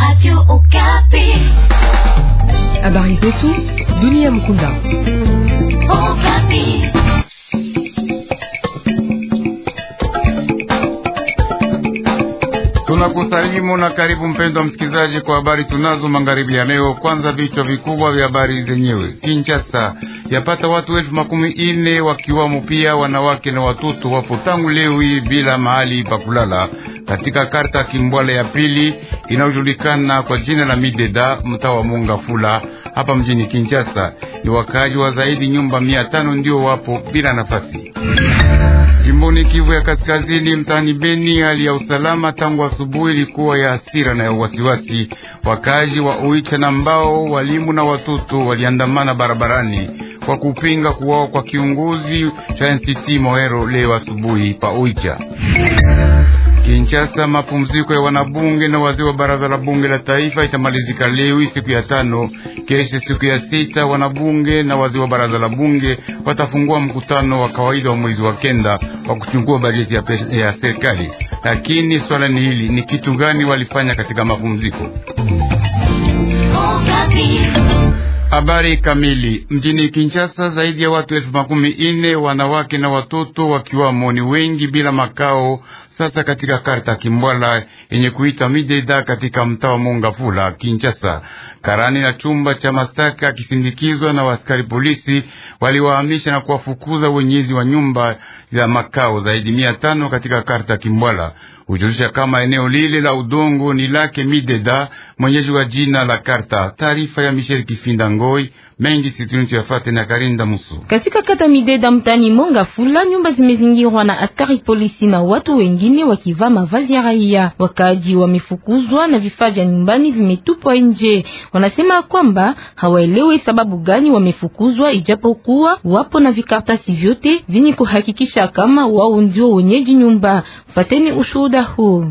Radio Okapi. Habari zetu dunia mkunda. Okapi. Tunakusalimu na karibu mpendo wa msikilizaji kwa habari tunazo magharibi ya leo. Kwanza vichwa vikubwa vya habari zenyewe. Kinshasa yapata watu elfu makumi ine wakiwamo pia wanawake na watoto wapo tangu leo hii bila mahali pa kulala katika karta Kimbwale ya pili inayojulikana kwa jina la Mideda, mtaa wa mungafula hapa mjini Kinshasa. Ni wakaaji wa zaidi nyumba mia tano ndio wapo bila nafasi. Jimboni Kivu ya Kaskazini, mtaani Beni, hali ya usalama tangu asubuhi ilikuwa ya hasira na ya wasiwasi. Wakaaji wa Uicha na Mbao, walimu na watoto waliandamana barabarani kwa kupinga kuwawa kwa kiongozi cha NCT moero leo asubuhi pa Uicha. Kinshasa, mapumziko ya wanabunge na wazee wa baraza la bunge la taifa itamalizika leo siku ya tano. Kesho siku ya sita, wanabunge na wazee wa baraza la bunge watafungua mkutano wa kawaida wa mwezi wa kenda wa kuchungua bajeti ya, ya serikali. Lakini swala ni hili, ni kitu gani walifanya katika mapumziko? Habari kamili mjini Kinshasa, zaidi ya watu elfu makumi ine wanawake na watoto wakiwamo ni wengi bila makao sasa katika karta Kimbwala yenye kuita Mideda katika mtaa wa Mongafula Kinshasa, karani na chumba cha masaka akisindikizwa na waskari polisi waliwahamisha na kuwafukuza wenyezi wa nyumba za makao zaidi mia tano katika karta Kimbwala. Hujulisha kama eneo lile la udongo ni lake Mideda, mwenyeji wa jina la Karta. Taarifa ya Michel Kifinda Ngoi mengi ya fate na Karinda Musu. Katika kata Mideda mtani Monga Fula, nyumba zimezingirwa na askari polisi na watu wengine wakivaa mavazi ya raia. Wakaaji wamefukuzwa na vifaa vya nyumbani vimetupwa nje. Wanasema kwamba hawaelewe sababu gani wamefukuzwa, ijapokuwa wapo na vikartasi vyote vyenye kuhakikisha kama wao ndio wenyeji nyumba. Fateni ushuhuda muda huu.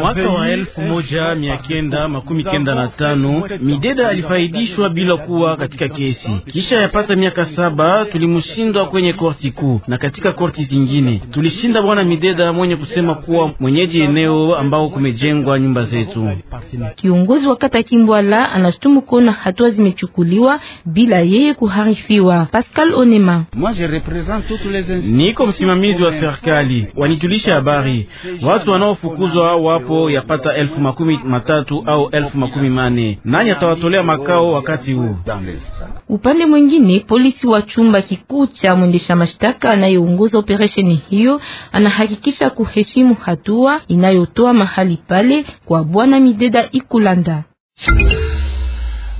Mwaka wa elfu moja mia kenda makumi kenda na tano Mideda alifaidishwa bila kuwa katika kesi. Kisha yapata miaka saba tulimushindwa kwenye korti kuu na katika korti zingine tulishinda bwana Mideda mwenye kusema kuwa mwenyeji eneo ambao kumejengwa nyumba zetu. Kiongozi wa kata Kimbwala anashutumu kuona hatua zimechukuliwa bila yeye kuharifiwa. Pascal Onema: niko msimamizi wa serikali, wanitulisha habari. Watu wanaofukuzwa wapo yapata elfu makumi matatu au elfu makumi mane. Nani atawatolea makao wakati huu? Upande mwingine, polisi wa chumba kikuu cha mwendesha mashtaka anayeongoza operesheni hiyo anahakikisha kuheshimu hatua inayotoa mahali pale kwa bwana Mideda Ikulanda.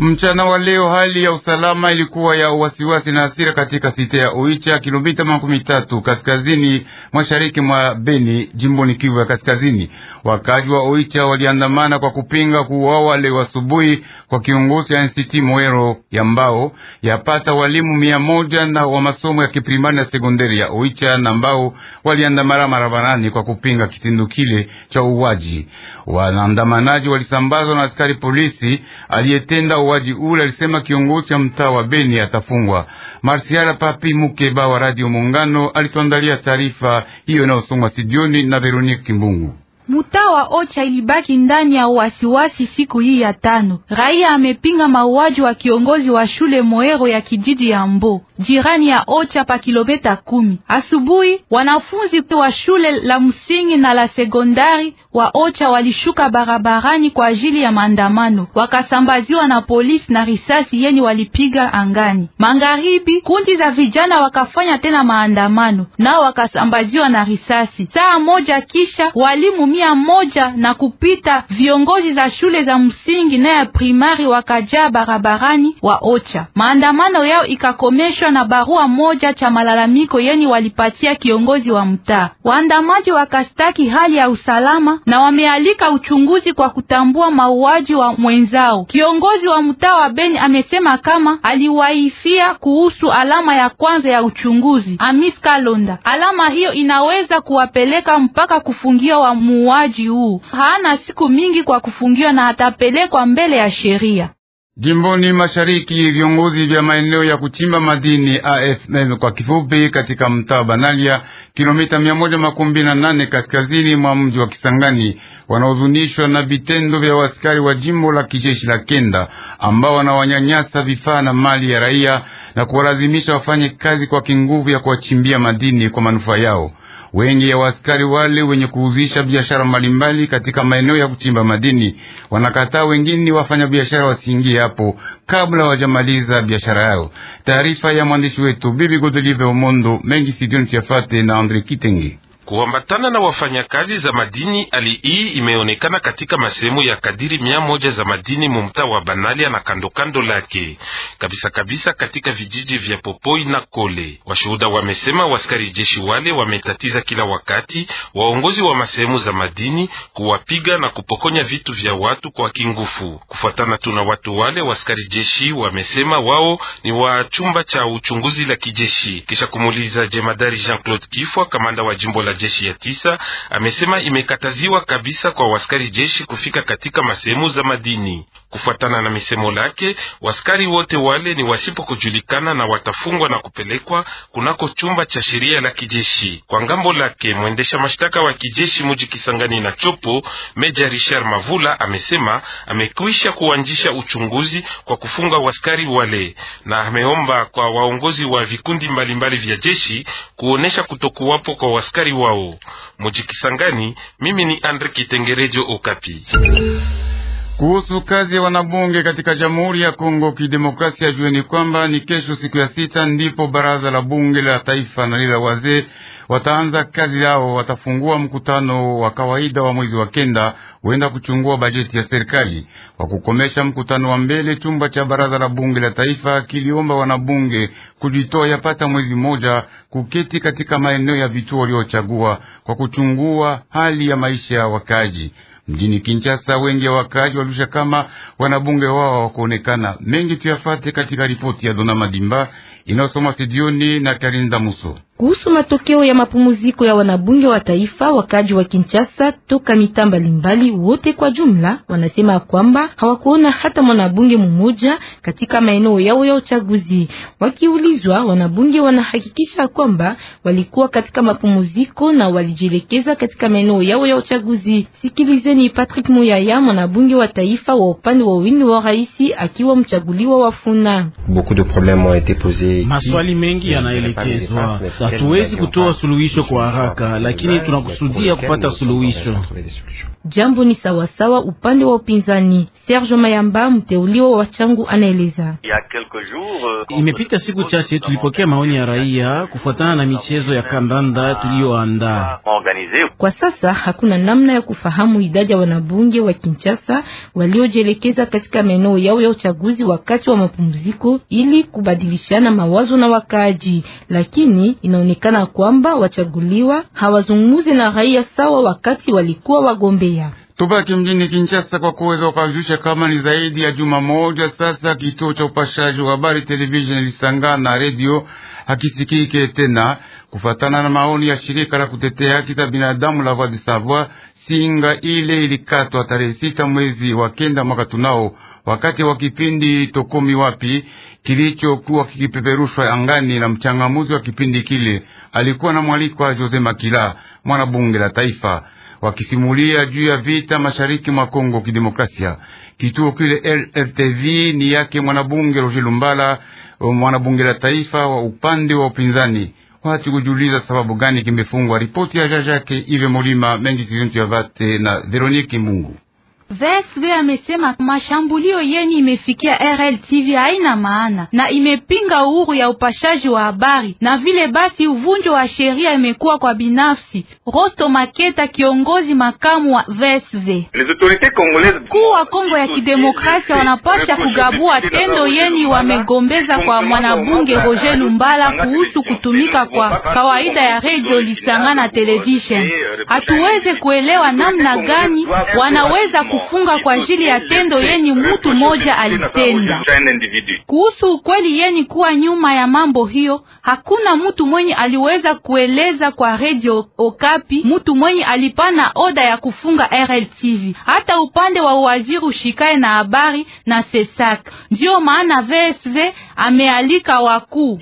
Mchana wa leo hali ya usalama ilikuwa ya wasiwasi na hasira katika site ya Oicha, kilomita makumi tatu kaskazini mashariki mwa Beni, jimboni Kivu ya Kaskazini. Wakaji wa Oicha waliandamana kwa kupinga kuuawa leo asubuhi kwa kiongozi ya NCT Moero ya Mbao. Yapata walimu mia moja na wa masomo ya kiprimari na sekondari ya Oicha na Mbao waliandamana marabarani kwa kupinga kitendo kile cha uwaji. Waandamanaji walisambazwa na askari polisi aliyetenda mauaji ule, alisema kiongozi cha mtaa wa Beni atafungwa. Marsiala Papi Mukeba wa Radio Muungano alituandalia taarifa hiyo inayosomwa studioni na Veronique Kimbungu. Mtaa wa Ocha ilibaki ndani ya wasiwasi siku hii ya tano. Raia amepinga mauaji wa kiongozi wa shule Moero ya kijiji ya Mbo, jirani ya Ocha pa kilomita kumi. Asubuhi wanafunzi wa shule la msingi na la sekondari wa Ocha walishuka barabarani kwa ajili ya maandamano, wakasambaziwa na polisi na risasi yenye walipiga angani. Magharibi kundi za vijana wakafanya tena maandamano, nao wakasambaziwa na risasi. Saa moja kisha walimu mia moja na kupita viongozi za shule za msingi na ya primari wakajaa barabarani wa Ocha. Maandamano yao ikakomeshwa na barua moja cha malalamiko yeni walipatia kiongozi wa mtaa. Waandamaji wakastaki hali ya usalama na wamealika uchunguzi kwa kutambua mauaji wa mwenzao. Kiongozi wa mtaa wa Beni amesema kama aliwaifia kuhusu alama ya kwanza ya uchunguzi Amis Kalonda. Alama hiyo inaweza kuwapeleka mpaka kufungia wa mu muuaji huu hana siku mingi kwa kufungiwa na atapelekwa mbele ya sheria. Jimboni mashariki, viongozi vya maeneo ya kuchimba madini AFM kwa kifupi, katika mtaa Banalia, kilomita mia nane kaskazini mwa mji wa Kisangani, wanaozunishwa na vitendo vya waskari wa jimbo la kijeshi la Kenda ambao wanawanyanyasa vifaa na mali ya raia na kuwalazimisha wafanye kazi kwa kinguvu ya kuwachimbia madini kwa manufaa yao wengi ya waskari wale wenye kuhuzisha biashara mbalimbali katika maeneo ya kuchimba madini wanakataa, wengine wafanya biashara wasiingie hapo kabla wajamaliza biashara yao. Taarifa ya mwandishi wetu Bibi Godolive Omondo mengi sidioni tuyafate na Andre Kitenge kuambatana na wafanyakazi za madini. Hali hii imeonekana katika masehemu ya kadiri mia moja za madini mumtaa wa Banalia na kandokando lake kabisa kabisa katika vijiji vya Popoi na Kole. Washuhuda wamesema waskari jeshi wale wametatiza kila wakati waongozi wa masehemu za madini kuwapiga na kupokonya vitu vya watu kwa kingufu. Kufuatana tuna watu wale waskari jeshi wamesema wao ni wa chumba cha uchunguzi la kijeshi kisha kumuuliza jemadari Jean Claude Kifwa, kamanda wa jimbo la jeshi ya tisa amesema imekataziwa kabisa kwa waskari jeshi kufika katika masehemu za madini. Kufuatana na misemo lake, waskari wote wale ni wasipo kujulikana na watafungwa na kupelekwa kunako chumba cha sheria la kijeshi. Kwa ngambo lake, mwendesha mashtaka wa kijeshi muji Kisangani na Chopo, Meja Richard Mavula amesema amekwisha kuanzisha uchunguzi kwa kufunga waskari wale, na ameomba kwa waongozi wa vikundi mbalimbali vya jeshi kuonesha kutokuwapo kwa waskari wao muji Kisangani. Mimi ni Andre Kitengerejo, Okapi. Kuhusu kazi ya wanabunge katika Jamhuri ya Kongo Kidemokrasia, jueni kwamba ni kesho, siku ya sita, ndipo baraza la bunge la taifa na lile la wazee wataanza kazi yao. Watafungua mkutano wa kawaida wa mwezi wa kenda, huenda kuchungua bajeti ya serikali. Kwa kukomesha mkutano wa mbele, chumba cha baraza la bunge la taifa kiliomba wanabunge kujitoa yapata mwezi mmoja kuketi katika maeneo ya vituo waliochagua kwa kuchungua hali ya maisha ya wakaaji mjini Kinshasa. Wengi ya wakaaji walusha kama wanabunge wao hawakuonekana. Mengi tuyafate katika ripoti ya Dona Madimba inayosoma studioni na Karinda Muso kuhusu matokeo ya mapumuziko ya wanabunge wa taifa. Wakaji wa Kinshasa toka mitaa mbalimbali wote kwa jumla wanasema kwamba hawakuona hata mwanabunge mmoja katika maeneo yao ya uchaguzi. Wakiulizwa, wanabunge wanahakikisha kwamba walikuwa katika mapumziko na walijielekeza katika maeneo yao ya uchaguzi. Sikilizeni Patrick Muyaya, mwanabunge wa taifa wa upande wa wini wa rais, akiwa mchaguliwa wa Funa. Maswali mengi yanaelekezwa Hatuwezi kutoa suluhisho kwa haraka, lakini tunakusudia kupata suluhisho. Jambo ni sawasawa upande wa upinzani. Serge Mayamba, mteuliwa wa Changu, anaeleza. Euh, Imepita siku chache tulipokea maoni ya raia kufuatana na michezo ya kandanda tuliyoandaa. Kwa sasa hakuna namna ya kufahamu idadi ya wanabunge wa Kinshasa waliojielekeza katika maeneo yao ya uchaguzi wakati wa mapumziko ili kubadilishana mawazo na wakaaji, lakini ina inaonekana kwamba wachaguliwa hawazungumzi na raia sawa wakati walikuwa wagombea. Tubaki mjini Kinshasa kwa kuweza ukaujusha kama ni zaidi ya juma moja sasa, kituo cha upashaji wa habari televisheni Lisanga na redio hakisikike tena, kufatana na maoni ya shirika la kutetea haki za binadamu la Voix du Savoir Singa ile ilikatwa tarehe sita mwezi wa kenda mwaka tunao, wakati wa kipindi Tokomi Wapi kilichokuwa kikipeperushwa angani na mchangamuzi wa kipindi kile alikuwa na mwalikwa Jose Makila, mwana bunge la taifa, wakisimulia juu ya vita mashariki mwa Kongo Kidemokrasia. Kituo kile RTV ni yake mwanabunge Roger Lumbala, mwanabunge la taifa wa upande wa upinzani Watu kujuliza sababu gani kimefungwa. Ripoti ya Jajake Ive Mulima mengi sizintu ya vate na Veronique Mungu. VSV amesema mashambulio yeni imefikia RLTV haina maana na imepinga uhuru ya upashaji wa habari na vile basi uvunjo wa sheria imekuwa kwa binafsi. Rosto Maketa, kiongozi makamu wa VSV: kuu wa Kongo ya Kidemokrasia wanapasha kugabua tendo yeni wamegombeza kwa mwanabunge Roger Lumbala kuhusu kutumika kwa kawaida ya redio Lisanga na television. Hatuweze kuelewa namna gani wanaweza ku kufunga kwa ajili ya tendo yenye mutu moja alitenda. Kuhusu ukweli yeni kuwa nyuma ya mambo hiyo, hakuna mutu mwenye aliweza kueleza kwa Radio Okapi mutu mwenye alipana oda ya kufunga RLTV, hata upande wa waziri ushikaye na habari na Sesak. Ndiyo maana VSV amealika wakuu,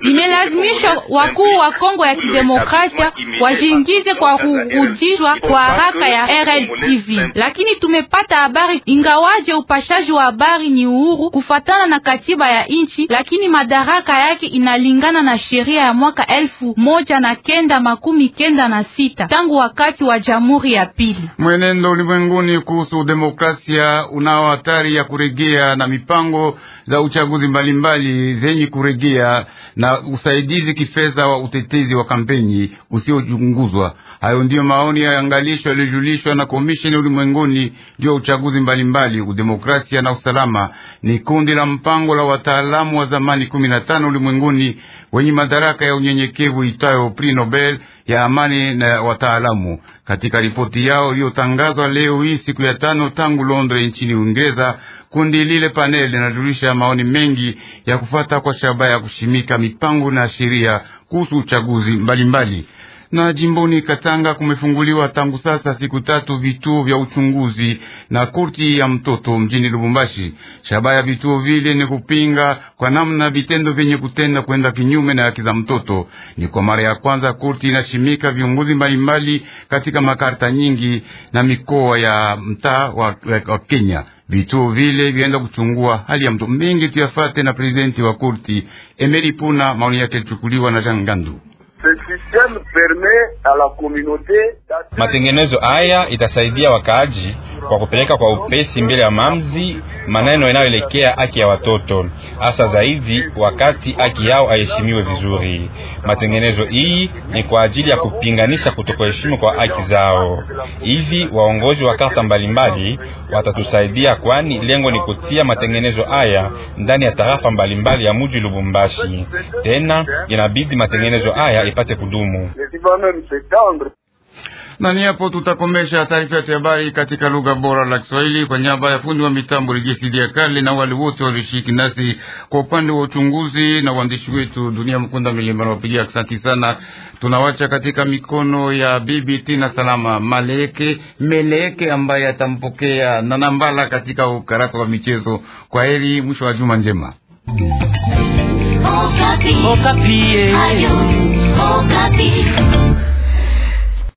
imelazimisha wakuu wa Kongo ya Kidemokrasia wajiingize kwa kurudishwa kwa haraka ya RLTV lakini tumepata habari, ingawaje upashaji wa habari ni uhuru kufatana na katiba ya nchi, lakini madaraka yake inalingana na sheria ya mwaka elfu moja na kenda makumi kenda na sita tangu wakati wa jamhuri ya pili. Mwenendo ulimwenguni kuhusu demokrasia unao hatari ya kuregea na mipango za uchaguzi mbalimbali zenye kuregea na usaidizi kifedha wa utetezi wa kampeni usiochunguzwa. Hayo ndiyo maoni ya angalisho yaliyojulishwa na komisheni ulimwenguni maoni juu ya uchaguzi mbalimbali, udemokrasia na usalama. Ni kundi la mpango la wataalamu wa zamani kumi na tano ulimwenguni wenye madaraka ya unyenyekevu itayo Prix Nobel ya amani na wataalamu. Katika ripoti yao iliyotangazwa leo hii siku ya tano tangu Londres nchini Uingereza, kundi lile panel linajulisha maoni mengi ya kufata kwa shabaha ya kushimika mipango na sheria kuhusu uchaguzi mbalimbali mbali na jimboni Katanga kumefunguliwa tangu sasa siku tatu vituo vya uchunguzi na korti ya mtoto mjini Lubumbashi. Shabaha ya vituo vile ni kupinga kwa namna vitendo vyenye kutenda kwenda kinyume na haki za mtoto. Ni kwa mara ya kwanza korti inashimika viongozi mbalimbali katika makarta nyingi na mikoa ya mtaa wa, wa Kenya. Vituo vile vyaenda kuchungua hali ya mtoto mengi tuyafate na prezidenti wa korti Emeri Puna, maoni yake yalichukuliwa na Jangandu. Matengenezo haya itasaidia wakaaji kwa kupeleka kwa upesi mbele ya mamzi maneno yanayoelekea haki ya watoto, hasa zaidi wakati haki yao aheshimiwe vizuri. Matengenezo hii ni kwa ajili ya kupinganisha kutokuheshimu kwa haki zao. Hivi waongozi wa kata mbalimbali watatusaidia, kwani lengo ni kutia matengenezo haya ndani ya tarafa mbalimbali ya mji Lubumbashi. Tena inabidi matengenezo haya ipate kudumu na ni hapo tutakomesha taarifa yetu ya habari katika lugha bora la Kiswahili kwa niaba ya fundi wa mitambo Registidia Kale na wale wote walioshiriki nasi kwa upande wa uchunguzi na uandishi wetu Dunia Mkunda Milimba na wapigia. sana, tunawacha katika mikono ya bibi Tina Salama Maleke Meleke ambaye atampokea na Nambala katika ukarasa wa michezo. Kwa heri, mwisho wa juma njema. Okapi. Okapi. Okapi.